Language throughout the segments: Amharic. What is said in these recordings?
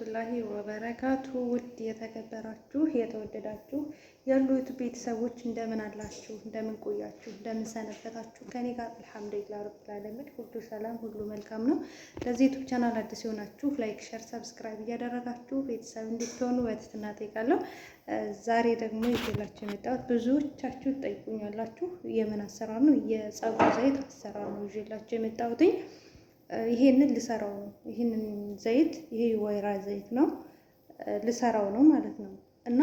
ወራህመቱላሂ ወበረካቱ ውድ የተከበራችሁ የተወደዳችሁ ያሉት ቤተሰቦች እንደምን አላችሁ? እንደምን ቆያችሁ? እንደምን ሰነበታችሁ? ከኔ ጋር አልሐምዱሊላህ ረብል ዓለሚን ሁሉ ሰላም፣ ሁሉ መልካም ነው። ለዚህ ዩቲዩብ ቻናል አዲስ የሆናችሁ ላይክ፣ ሸር፣ ሰብስክራይብ እያደረጋችሁ ቤተሰብ እንድትሆኑ በትህትና ጠይቃለሁ። ዛሬ ደግሞ ይዤላችሁ የመጣሁት ብዙዎቻችሁ ትጠይቁኛላችሁ፣ የምን አሰራር ነው? የፀጉር ዘይት አሰራር ነው ይዤላችሁ የመጣሁትኝ ይሄንን ልሰራው ነው። ይሄንን ዘይት ይሄ ወይራ ዘይት ነው ልሰራው ነው ማለት ነው። እና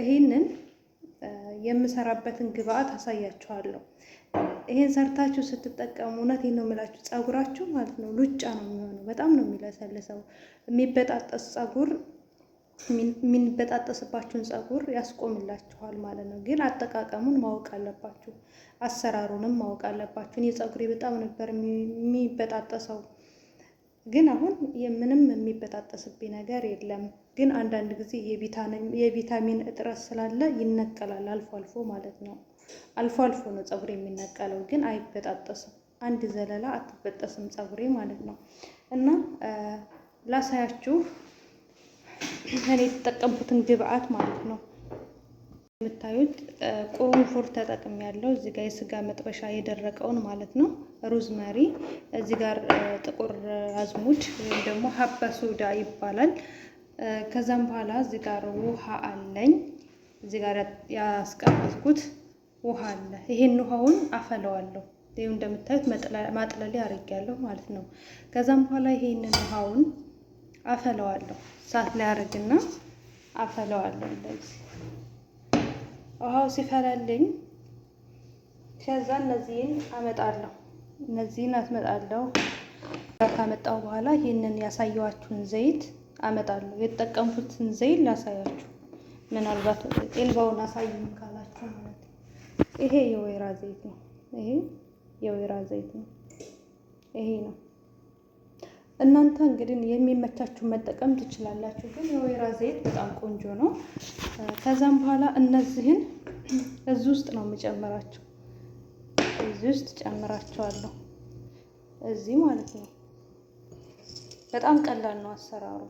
ይሄንን የምሰራበትን ግብአት አሳያችኋለሁ። ይሄን ሰርታችሁ ስትጠቀሙ እውነቴን ነው የምላችሁ ጸጉራችሁ ማለት ነው ሉጫ ነው የሚሆነው። በጣም ነው የሚለሰልሰው የሚበጣጠስ ፀጉር የሚንበጣጠስባችሁን ፀጉር ያስቆምላችኋል ማለት ነው። ግን አጠቃቀሙን ማወቅ አለባችሁ፣ አሰራሩንም ማወቅ አለባችሁ። እኔ ፀጉሬ በጣም ነበር የሚበጣጠሰው፣ ግን አሁን ምንም የሚበጣጠስብኝ ነገር የለም። ግን አንዳንድ ጊዜ የቪታሚን እጥረት ስላለ ይነቀላል፣ አልፎ አልፎ ማለት ነው። አልፎ አልፎ ነው ፀጉሬ የሚነቀለው፣ ግን አይበጣጠስም። አንድ ዘለላ አትበጠስም ፀጉሬ ማለት ነው እና ላሳያችሁ እኔ የተጠቀምኩትን ግብአት ማለት ነው። የምታዩት ቁሩንፉድ ተጠቅም ያለው እዚህ ጋር የስጋ መጥበሻ የደረቀውን ማለት ነው። ሩዝመሪ እዚህ ጋር ጥቁር አዝሙድ ወይም ደግሞ ሀበ ሶዳ ይባላል። ከዛም በኋላ እዚህ ጋር ውሃ አለኝ። እዚህ ጋር ያስቀመጥኩት ውሃ አለ። ይሄን ውሃውን አፈለዋለሁ። ይኸው እንደምታዩት ማጥለል አድርጌያለሁ ማለት ነው። ከዛም በኋላ ይሄንን ውሃውን አፈለዋለሁ። እሳት ላይ አደርግና አፈለዋለሁ። እንደዚህ ውሃው ሲፈላልኝ ከዛ እነዚህን አመጣለሁ። እነዚህን አትመጣለሁ ካመጣው በኋላ ይህንን ያሳየዋችሁን ዘይት አመጣለሁ። የተጠቀምኩትን ዘይት ላሳያችሁ። ምናልባት ጤንባውን አሳይም ካላችሁ ማለት ይሄ የወይራ ዘይት ነው። ይሄ የወይራ ዘይት ነው። ይሄ ነው። እናንተ እንግዲህ የሚመቻችሁን መጠቀም ትችላላችሁ። ግን የወይራ ዘይት በጣም ቆንጆ ነው። ከዛም በኋላ እነዚህን እዚህ ውስጥ ነው የምጨምራቸው። እዚህ ውስጥ ጨምራቸዋለሁ፣ እዚህ ማለት ነው። በጣም ቀላል ነው አሰራሩ።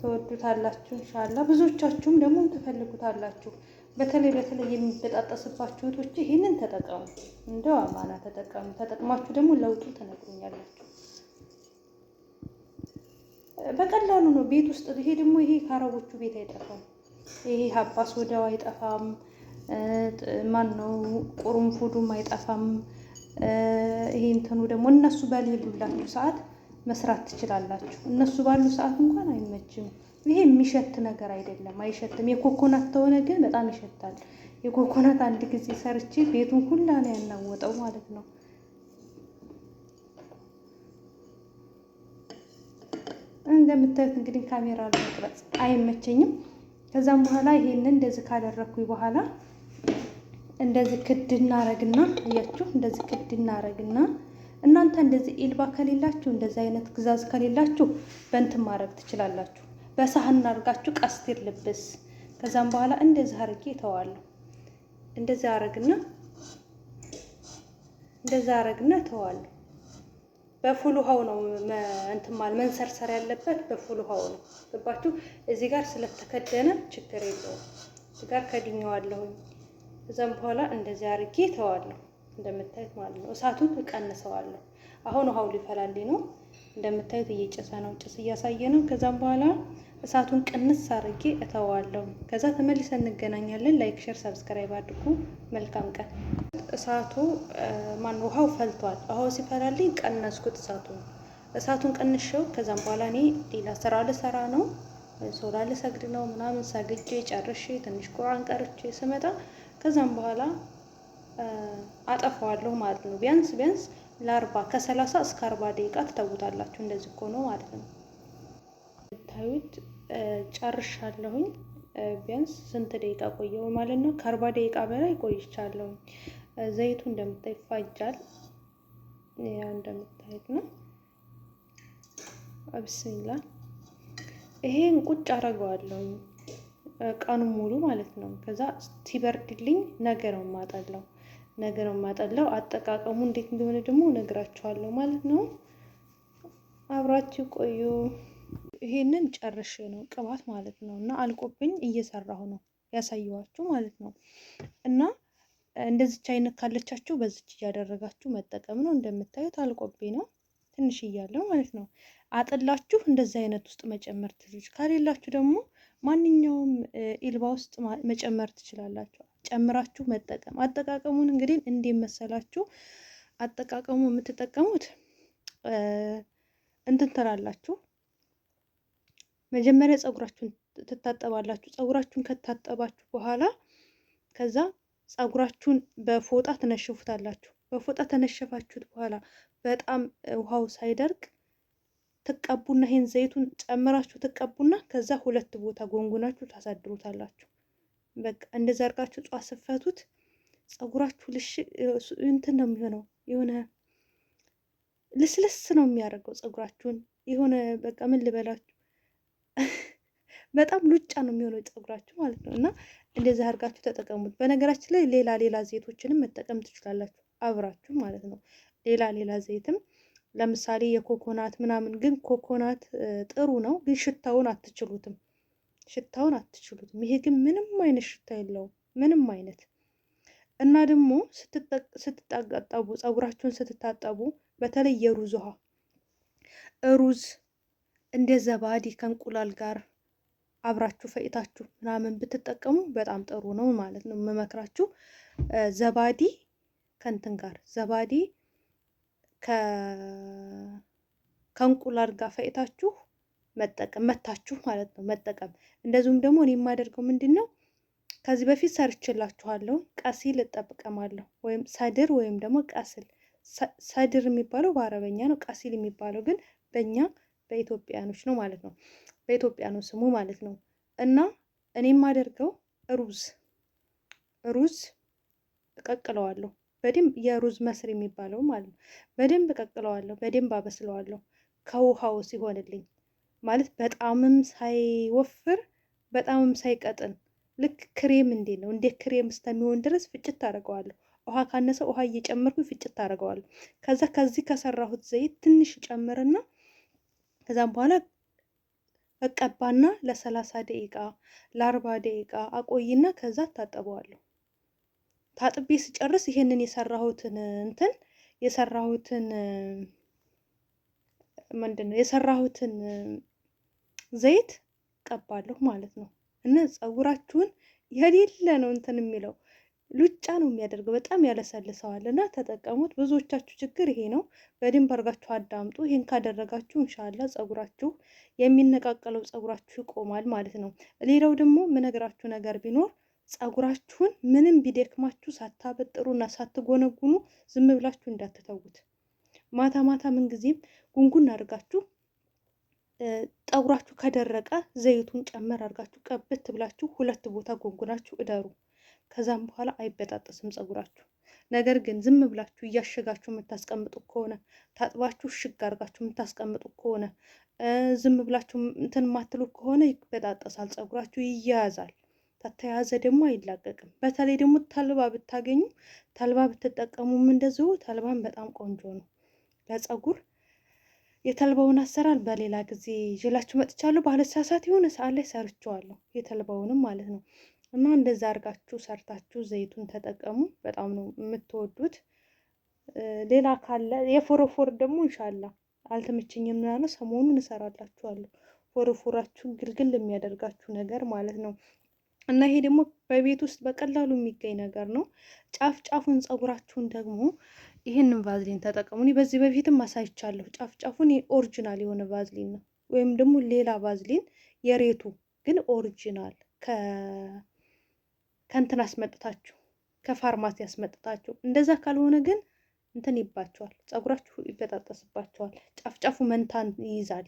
ትወዱታላችሁ። ኢንሻላህ ብዙዎቻችሁም ደግሞ ትፈልጉታላችሁ። በተለይ በተለይ የሚበጣጠስባችሁ እህቶች ይህንን ተጠቀሙ፣ እንደው አማና ተጠቀሙ። ተጠቅማችሁ ደግሞ ለውጡ ተነግሩኛላችሁ። በቀላሉ ነው ቤት ውስጥ ይሄ ደግሞ ይሄ ከአረቦቹ ቤት አይጠፋም። ይሄ ሀባ ሶዳው አይጠፋም። ማን ነው ቁርምፉዱም አይጠፋም። ይሄ እንትኑ ደግሞ እነሱ በሌሉላችሁ ሰዓት መስራት ትችላላችሁ። እነሱ ባሉ ሰዓት እንኳን አይመችም። ይሄ የሚሸት ነገር አይደለም፣ አይሸትም። የኮኮናት ተሆነ ግን በጣም ይሸታል። የኮኮናት አንድ ጊዜ ሰርቼ ቤቱን ሁላ ነው ያናወጠው ማለት ነው። እንደምታዩት እንግዲህ ካሜራ ለመቅረጽ አይመቸኝም። ከዛም በኋላ ይሄንን እንደዚህ ካደረግኩኝ በኋላ እንደዚህ ክድ እናረግና እያችሁ እንደዚህ ክድ እናረግና እናንተ እንደዚህ ኢልባ ከሌላችሁ እንደዚህ አይነት ግዛዝ ከሌላችሁ በእንትን ማድረግ ትችላላችሁ። በሳህን አድርጋችሁ ቀስቴር ልብስ ከዛም በኋላ እንደዚህ አድርጌ ተዋለሁ። እንደዚህ አረግና እንደዚህ አረግና ተዋለሁ። በፉል ውሃው ነው እንትማል መንሰርሰር ያለበት በፉል ውሃው ነው ገባችሁ። እዚህ ጋር ስለተከደነ ችግር የለውም። እዚህ ጋር ከድኛዋለሁኝ። ከዛም በኋላ እንደዚህ አድርጌ ተዋለሁ። እንደምታዩት ማለት ነው። እሳቱን እቀንሰዋለሁ። አሁን ውሃው ሊፈላልኝ ነው። እንደምታዩት እየጨሰ ነው። ጭስ እያሳየ ነው። ከዛም በኋላ እሳቱን ቅንስ አድርጌ እተዋለሁ። ከዛ ተመልሰን እንገናኛለን። ላይክ፣ ሸር፣ ሰብስክራይብ አድርጉ። መልካም ቀን። እሳቱ ማን ውሃው ፈልቷል። ውሃው ሲፈላልኝ ቀነስኩት እሳቱ ። እሳቱን ቀንሸው ከዛም በኋላ እኔ ሌላ ስራ ልሰራ ነው ሶላ ልሰግድ ነው ምናምን ሰግጄ ጨርሼ ትንሽ ቁርአን ቀርቼ ስመጣ ከዛም በኋላ አጠፋዋለሁ ማለት ነው። ቢያንስ ቢያንስ ለአርባ ከሰላሳ እስከ አርባ ደቂቃ ትተውታላችሁ። እንደዚህ እኮ ነው ማለት ነው። ታዩት ጨርሻለሁኝ። ቢያንስ ስንት ደቂቃ ቆየው ማለት ነው? ከአርባ ደቂቃ በላይ ቆይቻለሁ። ዘይቱ እንደምታይ ይፋጃል። ያው እንደምታዩት ነው። ብስሚላ ይሄን ቁጭ አረገዋለሁኝ ቀኑ ሙሉ ማለት ነው። ከዛ ሲበርድልኝ ነገር ነው ነገ ነው የማጠላው። አጠቃቀሙ እንዴት እንደሆነ ደግሞ ነግራችኋለሁ ማለት ነው። አብራችሁ ቆዩ። ይሄንን ጨርሼ ነው ቅባት ማለት ነው እና አልቆብኝ እየሰራሁ ነው ያሳየኋችሁ ማለት ነው እና እንደዚች አይነት ካለቻችሁ በዚች እያደረጋችሁ መጠቀም ነው። እንደምታዩት አልቆቤ ነው ትንሽ እያለው ማለት ነው። አጥላችሁ እንደዚህ አይነት ውስጥ መጨመር ትችላላችሁ። ከሌላችሁ ደግሞ ማንኛውም ኢልባ ውስጥ መጨመር ትችላላችሁ። ጨምራችሁ መጠቀም። አጠቃቀሙን እንግዲህ እንዲህ መሰላችሁ? አጠቃቀሙ የምትጠቀሙት እንትን ትላላችሁ። መጀመሪያ ጸጉራችሁን ትታጠባላችሁ። ፀጉራችሁን ከታጠባችሁ በኋላ ከዛ ፀጉራችሁን በፎጣ ትነሽፉታላችሁ። በፎጣ ተነሸፋችሁት በኋላ በጣም ውሃው ሳይደርቅ ትቀቡና ይሄን ዘይቱን ጨምራችሁ ትቀቡና ከዛ ሁለት ቦታ ጎንጉናችሁ ታሳድሩታላችሁ። በቃ እንደዛ አድርጋችሁ እጽዋት ስፈቱት ጸጉራችሁ ልሽ እንትን ነው የሚሆነው የሆነ ልስልስ ነው የሚያደርገው ጸጉራችሁን የሆነ በቃ ምን ልበላችሁ በጣም ሉጫ ነው የሚሆነው ጸጉራችሁ ማለት ነው። እና እንደዚህ አድርጋችሁ ተጠቀሙት። በነገራችን ላይ ሌላ ሌላ ዘይቶችንም መጠቀም ትችላላችሁ አብራችሁ ማለት ነው። ሌላ ሌላ ዘይትም ለምሳሌ የኮኮናት ምናምን፣ ግን ኮኮናት ጥሩ ነው፣ ግን ሽታውን አትችሉትም። ሽታውን አትችሉትም። ይሄ ግን ምንም አይነት ሽታ የለውም፣ ምንም አይነት እና ደግሞ ስትጣጣቡ ፀጉራችሁን ስትታጠቡ በተለይ የሩዝ ውሃ ሩዝ እንደ ዘባዲ ከእንቁላል ጋር አብራችሁ ፈይታችሁ ምናምን ብትጠቀሙ በጣም ጥሩ ነው ማለት ነው የምመክራችሁ። ዘባዲ ከንትን ጋር ዘባዲ ከእንቁላል ጋር ፈይታችሁ መጠቀም መታችሁ ማለት ነው መጠቀም። እንደዚሁም ደግሞ እኔ የማደርገው ምንድን ነው ከዚህ በፊት ሰርችላችኋለሁ። ቀሲል እጠቀማለሁ ወይም ሰድር ወይም ደግሞ ቀስል። ሰድር የሚባለው በአረበኛ ነው። ቀሲል የሚባለው ግን በእኛ በኢትዮጵያኖች ነው ማለት ነው። በኢትዮጵያ ነው ስሙ ማለት ነው። እና እኔ የማደርገው ሩዝ ሩዝ እቀቅለዋለሁ በደንብ የሩዝ መስር የሚባለው ማለት ነው። በደንብ እቀቅለዋለሁ፣ በደንብ አበስለዋለሁ ከውሃው ሲሆንልኝ ማለት በጣምም ሳይወፍር በጣምም ሳይቀጥን ልክ ክሬም እንዴት ነው እንዴት ክሬም እስከሚሆን ድረስ ፍጭት ታደርገዋለሁ። ውሃ ካነሰ ውሃ እየጨመርኩ ፍጭት ታደርገዋለሁ። ከዛ ከዚህ ከሰራሁት ዘይት ትንሽ ጨምርና ከዛም በኋላ እቀባና ለሰላሳ ደቂቃ ለአርባ ደቂቃ አቆይና ከዛ ታጠበዋለሁ። ታጥቤ ስጨርስ ይሄንን የሰራሁትን እንትን የሰራሁትን ምንድን ነው የሰራሁትን ዘይት ቀባለሁ ማለት ነው። እና ፀጉራችሁን የሌለ ነው እንትን የሚለው ሉጫ ነው የሚያደርገው። በጣም ያለሰልሰዋል እና ተጠቀሙት። ብዙዎቻችሁ ችግር ይሄ ነው። በደንብ አድርጋችሁ አዳምጡ። ይህን ካደረጋችሁ እንሻላ ፀጉራችሁ የሚነቃቀለው ፀጉራችሁ ይቆማል ማለት ነው። ሌላው ደግሞ ምነግራችሁ ነገር ቢኖር ፀጉራችሁን ምንም ቢደክማችሁ ሳታበጥሩ እና ሳትጎነጉኑ ዝም ብላችሁ እንዳትተዉት። ማታ ማታ ምንጊዜም ጉንጉን አድርጋችሁ ጠጉራችሁ ከደረቀ ዘይቱን ጨመር አድርጋችሁ ቀብት ብላችሁ ሁለት ቦታ ጎንጉናችሁ እደሩ። ከዛም በኋላ አይበጣጠስም ጸጉራችሁ። ነገር ግን ዝም ብላችሁ እያሸጋችሁ የምታስቀምጡ ከሆነ ታጥባችሁ ሽግ አድርጋችሁ የምታስቀምጡ ከሆነ ዝም ብላችሁ እንትን ማትሉ ከሆነ ይበጣጠሳል፣ ጸጉራችሁ ይያያዛል። ተያዘ ደግሞ አይላቀቅም። በተለይ ደግሞ ተልባ ብታገኙ ተልባ ብትጠቀሙም እንደዚሁ ተልባን በጣም ቆንጆ ነው ለጸጉር የተልባውን አሰራር በሌላ ጊዜ ይዤላችሁ መጥቻለሁ። ባለሳሳት የሆነ ሰዓት ላይ ሰርቼዋለሁ፣ የተልባውንም ማለት ነው። እና እንደዛ አድርጋችሁ ሰርታችሁ ዘይቱን ተጠቀሙ። በጣም ነው የምትወዱት። ሌላ ካለ የፎረፎር ደግሞ እንሻላ አልተመቸኝም ምናምን ሰሞኑን እሰራላችኋለሁ። ፎረፎራችሁ ግልግል የሚያደርጋችሁ ነገር ማለት ነው። እና ይሄ ደግሞ በቤት ውስጥ በቀላሉ የሚገኝ ነገር ነው። ጫፍ ጫፉን ጸጉራችሁን ደግሞ ይህንን ቫዝሊን ተጠቀሙ። እኔ በዚህ በፊትም አሳይቻለሁ። ጫፍጫፉን ኦሪጂናል የሆነ ቫዝሊን ነው ወይም ደግሞ ሌላ ቫዝሊን የሬቱ ግን ኦሪጂናል ከእንትን አስመጥታችሁ ከፋርማሲ አስመጥታችሁ እንደዛ ካልሆነ ግን እንትን ይባቸዋል፣ ፀጉራችሁ ይበጣጠስባቸዋል። ጫፍጫፉ መንታን ይይዛል፣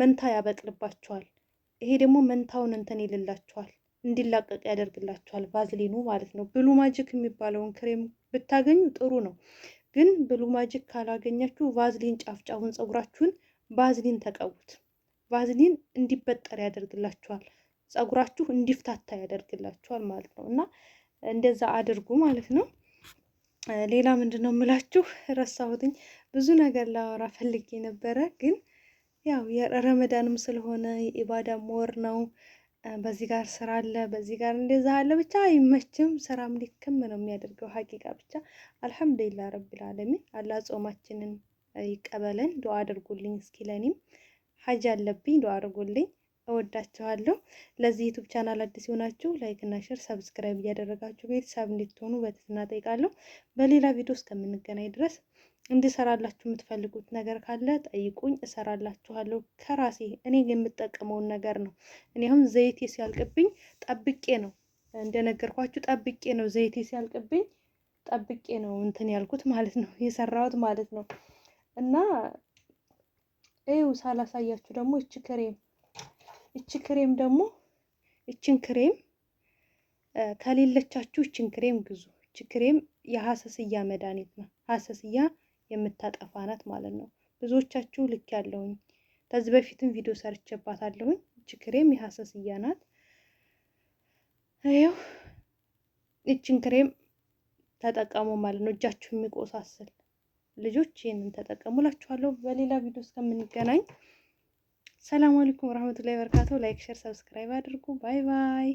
መንታ ያበቅልባቸዋል። ይሄ ደግሞ መንታውን እንትን ይልላቸዋል፣ እንዲላቀቅ ያደርግላቸዋል ቫዝሊኑ ማለት ነው። ብሉ ማጂክ የሚባለውን ክሬም ብታገኙ ጥሩ ነው። ግን ብሉ ማጂክ ካላገኛችሁ ቫዝሊን ጫፍጫፉን ፀጉራችሁን ቫዝሊን ተቀቡት። ቫዝሊን እንዲበጠር ያደርግላችኋል። ፀጉራችሁ እንዲፍታታ ያደርግላችኋል ማለት ነው እና እንደዛ አድርጉ ማለት ነው። ሌላ ምንድን ነው የምላችሁ ረሳሁትኝ። ብዙ ነገር ላወራ ፈልጌ ነበረ ግን ያው የረመዳንም ስለሆነ የኢባዳም ወር ነው በዚህ ጋር ስራ አለ፣ በዚህ ጋር እንደዛ አለ። ብቻ አይመችም። ስራም ልክም ነው የሚያደርገው ሀቂቃ። ብቻ አልሐምዱሊላህ ረብልዓለሚን ዓለሚን አላህ ጾማችንን ይቀበለን። ዱዓ አድርጉልኝ እስኪ ለኔም ሀጅ አለብኝ። ዱዓ አድርጉልኝ። እወዳችኋለሁ። ለዚህ ዩቱብ ቻናል አዲስ የሆናችሁ ላይክ እና ሼር፣ ሰብስክራይብ እያደረጋችሁ ቤተሰብ እንድትሆኑ በትህትና ጠይቃለሁ። በሌላ ቪዲዮ እስከምንገናኝ ድረስ እንድሰራላችሁ የምትፈልጉት ነገር ካለ ጠይቁኝ፣ እሰራላችኋለሁ። ከራሴ እኔ የምጠቀመውን ነገር ነው። እኔ አሁን ዘይቴ ሲያልቅብኝ ጠብቄ ነው እንደነገርኳችሁ፣ ጠብቄ ነው ዘይቴ ሲያልቅብኝ ጠብቄ ነው እንትን ያልኩት ማለት ነው የሰራሁት ማለት ነው። እና ይኸው ሳላሳያችሁ ደግሞ እቺ ክሬም እቺ ክሬም ደግሞ እቺን ክሬም ከሌለቻችሁ እቺን ክሬም ግዙ። እቺ ክሬም የሀሰስያ መድኃኒት ነው ሀሰስያ የምታጠፋ ናት ማለት ነው። ብዙዎቻችሁ ልክ ያለውኝ ከዚህ በፊትም ቪዲዮ ሰርቼባታለሁኝ። እች ክሬም የሀሰስያ ናት። ይኸው ይችን ክሬም ተጠቀሙ ማለት ነው። እጃችሁ የሚቆሳስል ልጆች ይህንን ተጠቀሙ ተጠቀሙላችኋለሁ። በሌላ ቪዲዮ እስከምንገናኝ ሰላም አለይኩም ረህመቱላሂ በረካቱ። ላይክ፣ ሼር፣ ሰብስክራይብ አድርጉ። ባይ ባይ።